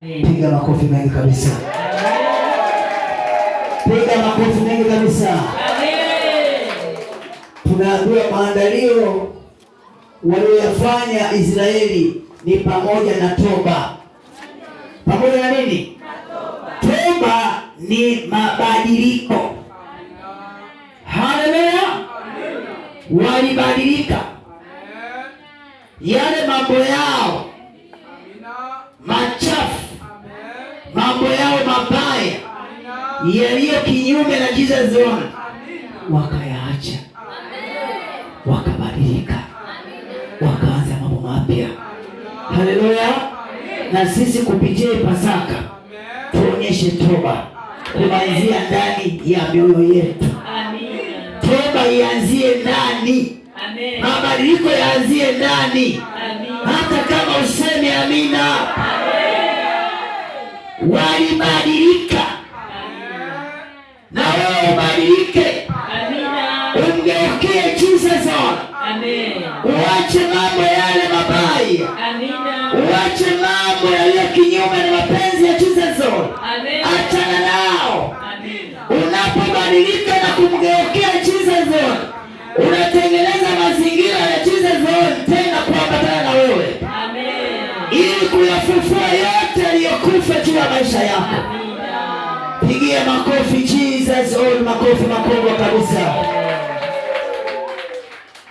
Piga makofi mengi kabisa. Piga makofi mengi kabisa. Tunaambiwa maandalio walioyafanya Israeli ni pamoja na toba. Pamoja na nini? Toba ni mabadiliko. Haleluya! Walibadilika yale mambo yao mabaya yaliyo kinyume na jina la wakayaacha, wakabadilika, wakaanza mambo mapya. Haleluya! Na sisi kupitia Pasaka tuonyeshe toba kuanzia ndani ya mioyo yetu. Toba ianzie ndani, mabadiliko yaanzie ndani, hata kama useme amina walibadilika, na wewe ubadilike, umgeukie Jesus uache mambo yale mabaya, uache mambo yaliyo kinyume na mapenzi ya Jesus on, achana nao unapobadilika ili kuyafufua yote aliyokufa juu ya maisha yako. Pigia makofi Jesus, all makofi makubwa kabisa.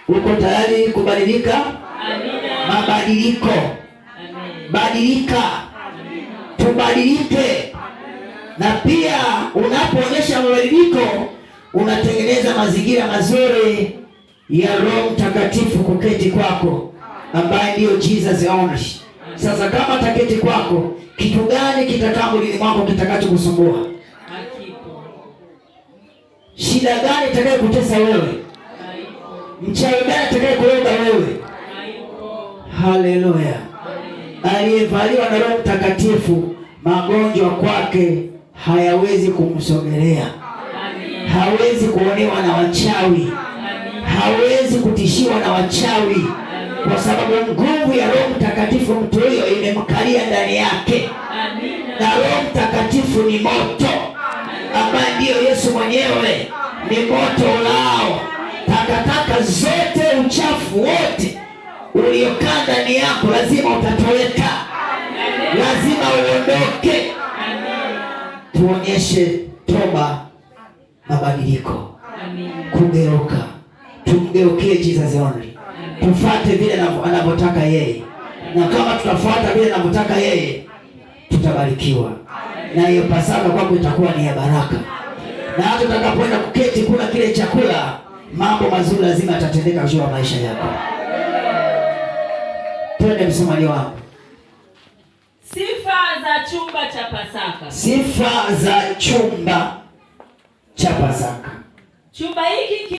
Uko tayari kubadilika? Amina. Mabadiliko. Amina. Badilika. Amina. Tubadilike. Amina. Na pia unapoonyesha mabadiliko unatengeneza mazingira mazuri ya Roho Mtakatifu kuketi kwako ambaye ndiyo Jesus only. Sasa kama taketi kwako, kitu gani kitakaa mwilini mwako kitakachokusumbua? Shida gani itakaye kutesa wewe? Mchawi gani itakaye kuomba wewe? Haleluya! Aliyevaliwa na Roho Mtakatifu, magonjwa kwake hayawezi kumsogelea, hawezi kuonewa na wachawi, hawezi kutishiwa na wachawi kwa sababu nguvu ya Roho Mtakatifu mtu huyo imemkalia ndani yake. Amina. Na Roho Mtakatifu ni moto ambaye ndiyo Yesu mwenyewe, ni moto ulao takataka zote, uchafu wote uliokaa ndani yako lazima utatoweka, lazima uondoke. Tuonyeshe toba, mabadiliko, kugeuka, tumgeukie Jesus only tufate vile anavyotaka yeye, na kama tutafuata vile anavyotaka yeye tutabarikiwa, na hiyo Pasaka kwako itakuwa ni ya baraka, na hata utakapoenda kuketi kula kile chakula, mambo mazuri lazima yatatendeka juu ya maisha yako. Twende msomali wangu. Sifa za chumba cha Pasaka. Sifa za chumba cha Pasaka. Chumba hiki